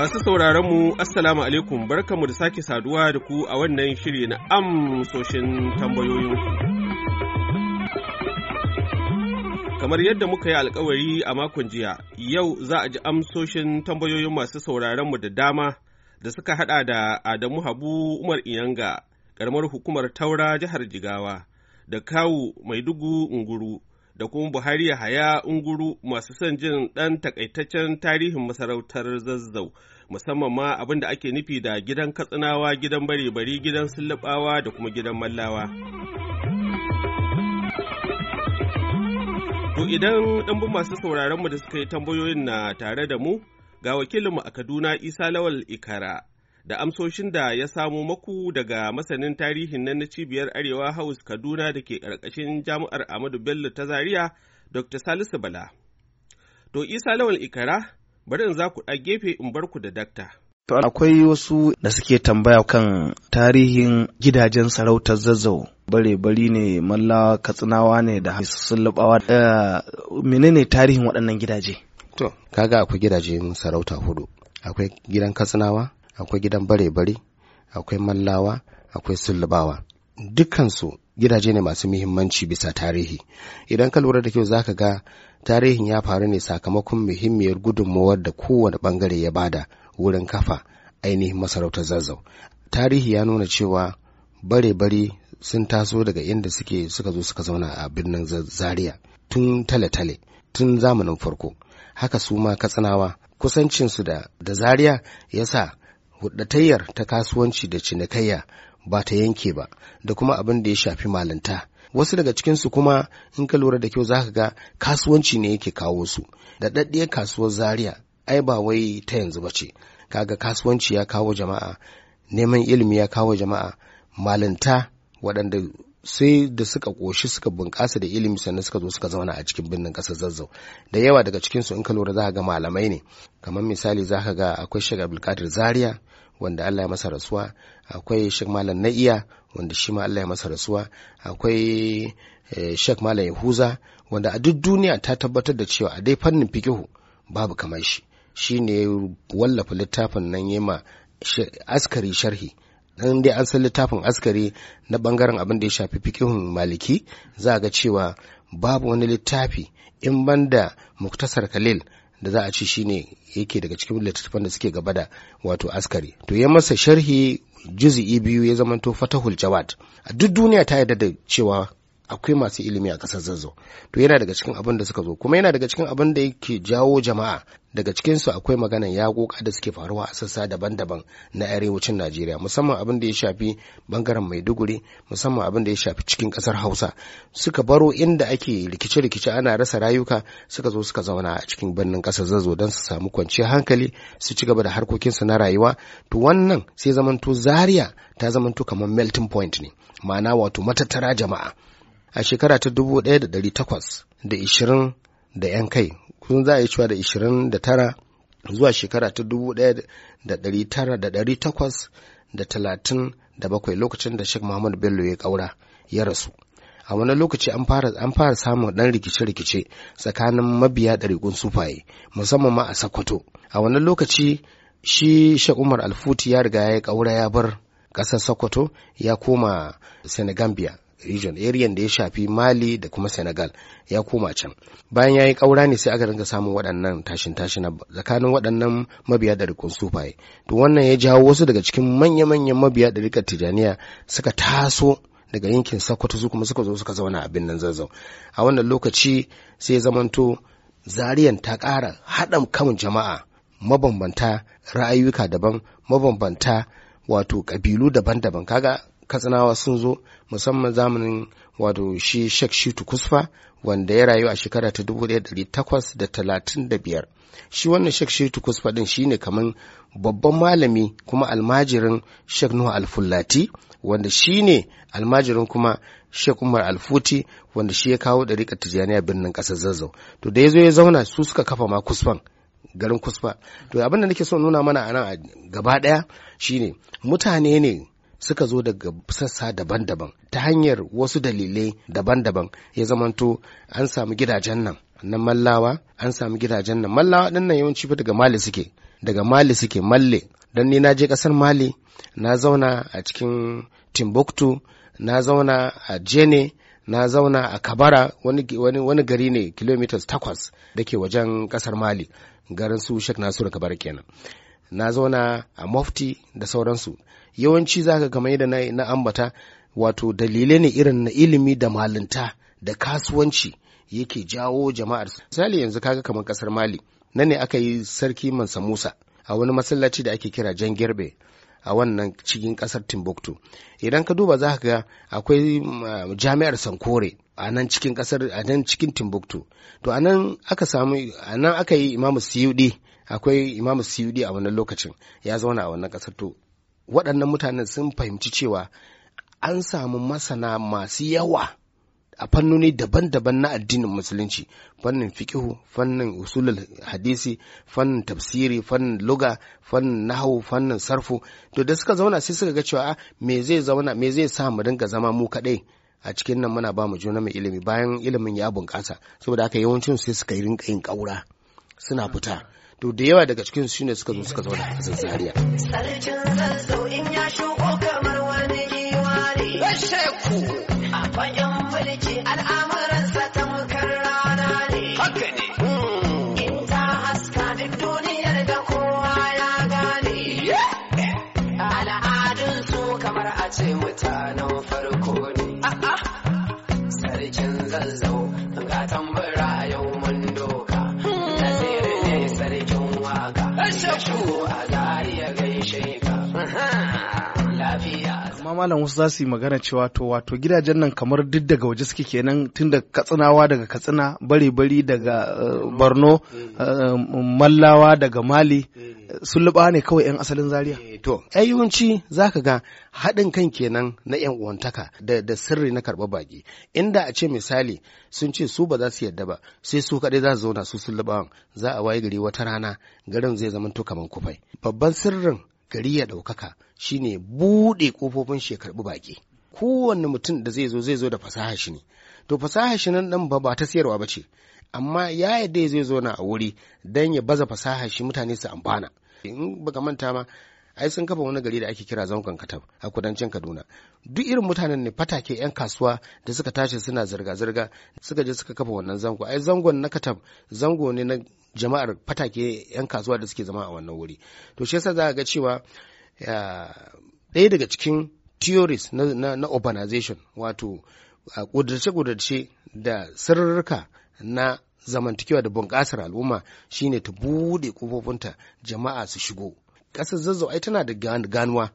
Masu sauraron mu Assalamu alaikum barkamu da sake saduwa da ku a wannan shiri na amsoshin tambayoyinku. Kamar yadda muka yi alkawari a makon jiya, yau za a ji amsoshin tambayoyin masu sauraron mu da dama da suka hada da Adamu Habu Umar Iyanga, karamar hukumar Taura jihar Jigawa, da Kawu Maiduguri Nguru, da kuma Buhari Yahaya Unguru masu son jin ɗan takaitaccen tarihin masarautar zazzau musamman ma abin da ake nufi da gidan katsinawa gidan bare-bari gidan sullubawa da kuma gidan mallawa. To idan ɗanbun masu sauraron mu da suka yi tambayoyin na tare da mu ga wakilinmu a Kaduna Isa Lawal Ikara da amsoshin da ya samo maku daga masanin tarihin nan na cibiyar Arewa House Kaduna da ke ƙarƙashin jami'ar Ahmadu Bello ta Zaria, Dr. Salisu Bala. To, Isa Lawal Ikara, bari in za ku ɗa gefe in bar ku da dakta. To, akwai wasu da suke tambaya kan tarihin gidajen sarautar zazzau. bare-bari ne malla katsinawa ne da sullubawa eh, menene tarihin waɗannan gidaje to kaga akwai gidajen sarauta hudu akwai gidan katsinawa akwai gidan bare-bare akwai mallawa akwai sullubawa dukansu gidaje ne masu muhimmanci bisa tarihi idan ka lura da kyau zaka ga tarihin ya faru ne sakamakon muhimmiyar gudunmawar da kowane bangare ya bada wurin kafa ainihin masarautar zazzau tarihi ya nuna cewa bare-bare sun taso daga inda suke suka zo suka zauna a birnin zaria tun tale-tale tun zamanin farko haka su ma katsinawa kusancinsu da da zaria ya sa hudatayyar ta kasuwanci da cinikayya ba ta yanke ba da kuma abin da ya shafi malinta wasu daga cikinsu kuma in ka lura da kyau za ka ga kasuwanci ne yake kawo su da daddiyar kasuwar zaria ai ba wai ta yanzu ba ce kaga kasuwanci ya kawo jama'a neman ilimi ya kawo jama'a malinta waɗanda sai da suka ƙoshi suka bunƙasa da ilimi sannan suka zo suka zauna a cikin birnin ƙasar zazzau da yawa daga cikin su in ka lura za ga malamai ne kamar misali za ka ga akwai shiga abdulkadir zaria wanda allah ya masa rasuwa akwai shek malam na'iya wanda shi ma allah ya masa rasuwa akwai eh, shek malam yahuza wanda a duk duniya ta tabbatar da cewa a dai fannin fikihu babu kamar shi shi ne wallafa littafin nan ma askari sharhi dan dai an san littafin askari na bangaren abin da ya shafi fikihun maliki za ga cewa babu wani littafi in banda muktasar khalil da za a ci shine yake daga cikin littattafan da suke gaba da wato askari to ya masa sharhi juzi biyu ya zamanto fatahul jawad a duk duniya ta yarda da cewa akwai masu ilimi a ƙasar zazzau to yana daga cikin abin da suka zo kuma yana daga cikin abin da yake jawo jama'a daga cikinsu akwai maganan yaƙoƙa da suke faruwa a sassa daban-daban na arewacin najeriya musamman abin da ya shafi bangaren maiduguri musamman abin da ya shafi cikin ƙasar hausa suka baro inda ake rikice-rikice ana rasa rayuka suka zo suka zauna a cikin birnin ƙasar zazzau don su samu kwanciyar hankali su ci gaba da harkokinsu na rayuwa to wannan sai zamanto zaria ta zamanto kamar melting point ne ma'ana wato matattara jama'a a shekara ta 1820 da 'yan kai kun za a yi cewa da 29 zuwa shekara ta bakwai. lokacin da Sheikh Muhammad Bello ya kaura ya rasu. A wani lokaci an fara samun ɗan rikice-rikice tsakanin mabiya ɗariƙun sufaye musamman ma a Sokoto. A wani lokaci shi Sheikh Umar Alfuti ya riga ya kaura ya bar ƙasar Sokoto ya koma Senegambia region area da ya shafi mali da kuma senegal ya koma can bayan ya yi kaura ne sai aka ringa samun waɗannan tashin tashin tsakanin waɗannan mabiya da rikon sufaye to wannan ya jawo wasu daga cikin manya-manyan mabiya da rikon tijaniya suka taso daga yankin sokoto su kuma suka zo suka zauna a birnin zazzau a wannan lokaci sai zamanto zariyan ta ƙara haɗa kan jama'a mabambanta ra'ayuka daban mabambanta wato ƙabilu daban-daban kaga katsinawa sun zo musamman zamanin wato shi shek shitu kusfa wanda ya rayu a shekara ta 1835 shi wannan shek shitu kusfa din shine kamar babban malami kuma almajirin shek nuhu alfullati wanda shine almajirin kuma shek Umar Alfuti wanda shi ya kawo ɗariƙar Tijjaniya birnin ƙasar Zazzau. To da ya zo ya zauna su suka kafa ma kusfan garin kusfa. To abin da nake so nuna mana a nan gaba ɗaya shine mutane ne suka zo daga sassa daban-daban ta hanyar wasu dalilai daban-daban ya zamanto an samu gidajen nan na mallawa an samu gidajen nan mallawa ɗin nan yawanci fi daga mali suke daga mali suke malle don ni na je ƙasar mali na zauna a cikin timbuktu na zauna a jene na zauna a kabara wani, gari ne kilomitas takwas da ke wajen kasar mali garin su shek nasiru kabara kenan na zauna a mofti da sauransu yawanci zaka kamar yadda na, ambata wato dalilai ne irin na ilimi da malinta da kasuwanci yake jawo jama'ar misali yanzu kaga kamar kasar mali nan ne aka yi sarki mansa musa a wani masallaci da ake kira jan gerbe a wannan cikin kasar timbuktu idan ka duba za ka ga akwai uh, jami'ar sankore a nan cikin kasar a nan cikin timbuktu to a nan aka a aka yi imamu siyudi akwai imamu siyudi a wannan lokacin ya zauna a wannan kasar to waɗannan mutanen sun fahimci cewa an samu masana masu yawa a fannoni daban-daban na addinin musulunci fannin fikihu fannin usulul hadisi fannin tafsiri fannin luga fannin nahu, fannin sarfu to da suka zauna sai suka ga cewa ah, me zai zauna me zai sa mu dinga zama mu kadai a cikin nan muna ba mu juna mai ilimi bayan ilimin ya bunƙasa saboda haka yawancin sai suka yi rinka yin ƙaura suna fita to da yawa daga cikin su ne suka zo suka zauna a zazzariya sarkin zazzau in ya shuko kamar wani ne a fagen mulki al'amuransa rana ne ne duniyar da kowa ya gane Al'adunsu a farko sarkin zazzau ga malam wasu za su yi magana cewa to wato gidajen nan kamar duk daga waje suke kenan tun da katsinawa daga katsina bare bari daga eh, borno eh, mallawa daga mali sun luba ne kawai 'yan asalin zaria eh, to ayyunci za ka ga haɗin kan kenan na 'yan uwantaka da sirri na karɓar baki inda a ce misali sun ce su ba za su yadda ba sai su kaɗai za su zauna su sun za a waye gari wata rana garin zai zama to kamar kufai babban sirrin gari ya ɗaukaka shine buɗe ƙofofin shi ya karɓi baƙi kowanne mutum da zai zo zai zo da fasaha shi ne to fasaha shi nan ɗan ba ta siyarwa ba ce amma ya yadda zai zo na a wuri don ya baza fasaha shi mutane su amfana in baka manta ma ai sun kafa wani gari da ake kira zangon katab a kudancin kaduna duk irin mutanen ne fatake yan kasuwa da suka tashi suna zirga-zirga suka je suka kafa wannan zango ai zangon na katab zango ne na jama'ar fatake 'yan kasuwa da suke zama a wannan wuri to shi yasa za ga cewa ɗaya daga cikin theories na, na, urbanization wato ƙudurce-ƙudurce da sirrika na zamantakewa da bunƙasar al'umma shine ta buɗe ƙofofinta jama'a su shigo ƙasar zazzau tana da ganuwa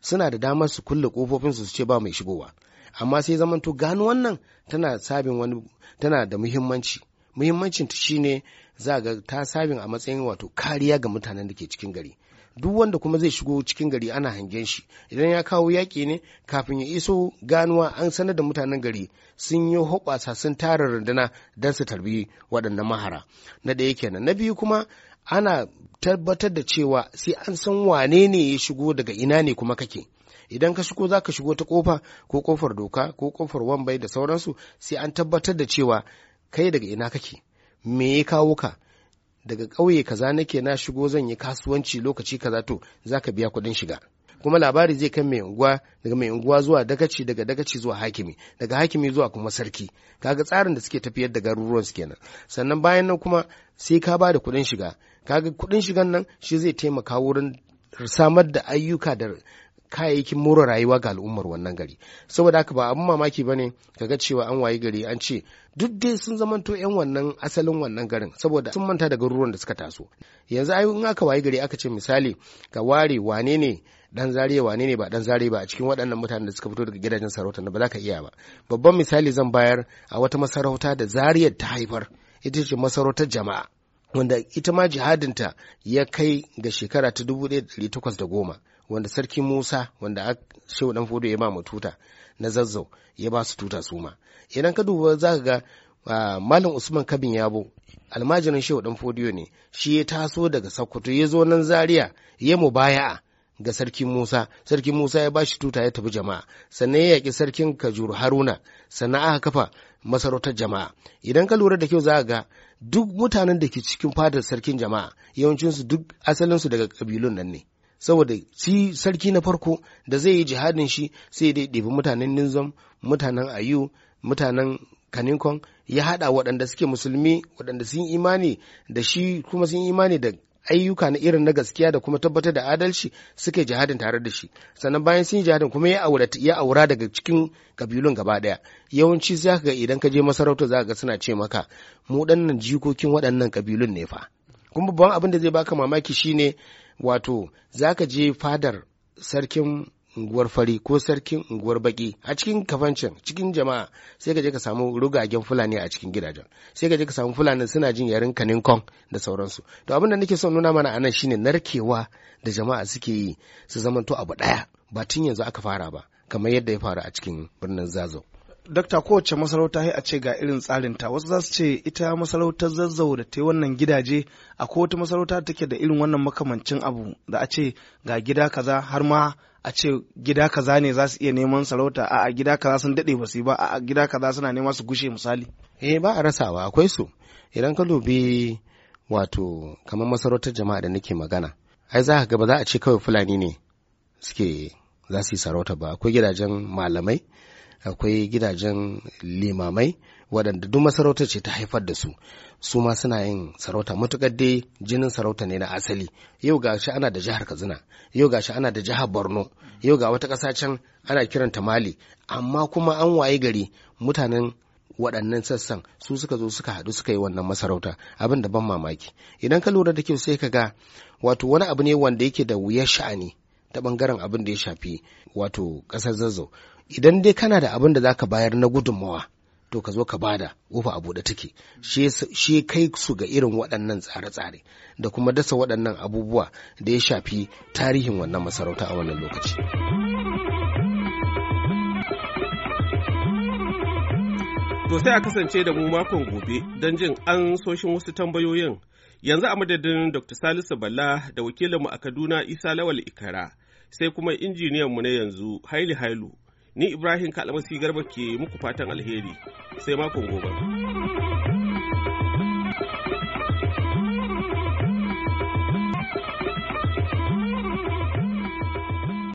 suna da damar su kulle ƙofofinsu su ce ba mai shigowa amma sai zamanto ganuwan nan tana sabin wani tana da muhimmanci muhimmancin ta shine za ga ta sabin a matsayin wato kariya ga mutanen da ke cikin gari duk wanda kuma zai shigo cikin gari ana hangen shi idan ya kawo yaƙi ne kafin ya iso ganuwa an sanar da mutanen gari sun yi hoɓasa sun tara runduna don su tarbi waɗannan mahara na ɗaya kenan na biyu kuma ana tabbatar da cewa sai an san wane ne ya shigo daga ina ne kuma kake idan ka shigo za ka shigo ta kofa ko kofar doka ko ƙofar wambai da sauransu sai an tabbatar da cewa kai daga ina kake me ya kawo ka daga ƙauye kaza nake na shigo zan yi kasuwanci lokaci kaza to zaka biya kuɗin shiga kuma labari zai kan mai unguwa daga mai unguwa zuwa dagaci daga dagaci zuwa hakimi daga hakimi zuwa kuma sarki kaga tsarin da suke tafiyar da garuruwan su kenan sannan bayan nan kuma sai ka bada kuɗin shiga kaga kuɗin shigan nan shi zai taimaka wurin samar da ayyuka da kayayyakin more rayuwa ga al'ummar wannan gari saboda haka ba abu mamaki ba ne ka ga cewa an wayi gari an ce duk dai sun zamanto 'yan wannan asalin wannan garin saboda sun manta da garuruwan da suka taso yanzu ai in aka wayi gari aka ce misali ka ware wane ne dan zare wane ne ba dan zare ba a cikin waɗannan mutanen da suka fito daga gidajen sarauta ba za ka iya ba babban misali zan bayar a wata masarauta da zariyar ta haifar ita ce masarautar jama'a wanda ita ma jihadinta ya kai ga shekara ta 1810 wanda sarki musa wanda shehu dan fodo ya ba mu tuta na zazzau ya ba su tuta su ma idan ka duba za ka ga malam usman kabin yabo almajirin shehu dan fodiyo ne shi ya taso daga sakkwato ya zo nan Zariya ya mu baya ga sarki Musa, sarki Musa ya ba shi tuta ya tafi jama'a, sannan ya yaƙi sarkin Kajur Haruna, sannan aka kafa masarautar jama'a. Idan ka lura da kyau za ga duk mutanen da ke cikin fadar sarkin jama'a, yawancinsu duk asalinsu daga kabilun nan ne. saboda shi sarki na farko da zai yi jihadin shi sai dai ɗebi mutanen nizam mutanen ayu mutanen kaninkon ya haɗa waɗanda suke musulmi waɗanda sun imani da shi kuma sun imani da ayyuka na irin na gaskiya da kuma tabbatar da adalci suke jihadin tare da shi sannan bayan sun yi jihadin kuma ya aura aura daga cikin kabilun gaba daya yawanci sai ka ga idan ka je masarauta za ga suna ce maka mu dannan jikokin waɗannan kabilun ne fa kuma babban abin da zai baka mamaki shine wato za ka je fadar sarkin unguwar fari ko sarkin unguwar baki a cikin kafancin cikin jama'a sai ka je ka samu rugagen fulani a cikin gidajen sai ka je ka samu fulani suna jin yarin kanin kong da sauransu to abin da nake son nuna mana anan shine narkewa da jama'a suke yi su zamanto abu daya ba tun yanzu aka fara ba kamar yadda ya faru a cikin birnin zazo dakta kowace masarauta a ce ga irin tsarinta wasu za su ce ita masarautar zazzau da ta yi wannan gidaje a kowace masarauta da take da irin wannan makamancin abu da a ce ga gida kaza har ma a ce gida kaza ne za su iya neman sarauta a gida kaza sun daɗe ba su ba a gida kaza suna nema su gushe misali eh ba a rasawa akwai su idan ka dubi wato kamar masarautar jama'a da nake magana ai za ka ga ba za a ce kawai fulani ne suke za su yi sarauta ba akwai gidajen malamai akwai gidajen limamai waɗanda duk masarautar ce ta haifar da su su ma suna yin sarauta matuƙar dai jinin sarauta ne na asali yau ga shi ana da jihar kazina yau ga shi ana da jihar borno yau ga wata ƙasa can ana kiranta mali amma kuma an waye gari mutanen waɗannan sassan su suka zo suka haɗu suka yi wannan masarauta abin da ban mamaki idan ka lura da kyau sai ka ga wato wani abu ne wanda yake da wuyar sha'ani ta bangaren abin da ya shafi wato kasar zazzau idan dai kana da abin da za ka bayar na gudunmawa to ka zo ka bada kofa a buɗe take shi kai su ga irin waɗannan tsare-tsare da kuma dasa waɗannan abubuwa da ya shafi tarihin wannan masarauta a wannan lokaci. To sai a kasance da mu makon gobe don jin an soshin wasu tambayoyin. Yanzu a madadin Dr. Salisu Balla da wakilinmu a Kaduna Isa Lawal Ikara sai kuma mu na yanzu haili hailu ni ibrahim kalamasi garba ke muku fatan alheri sai makon gobe.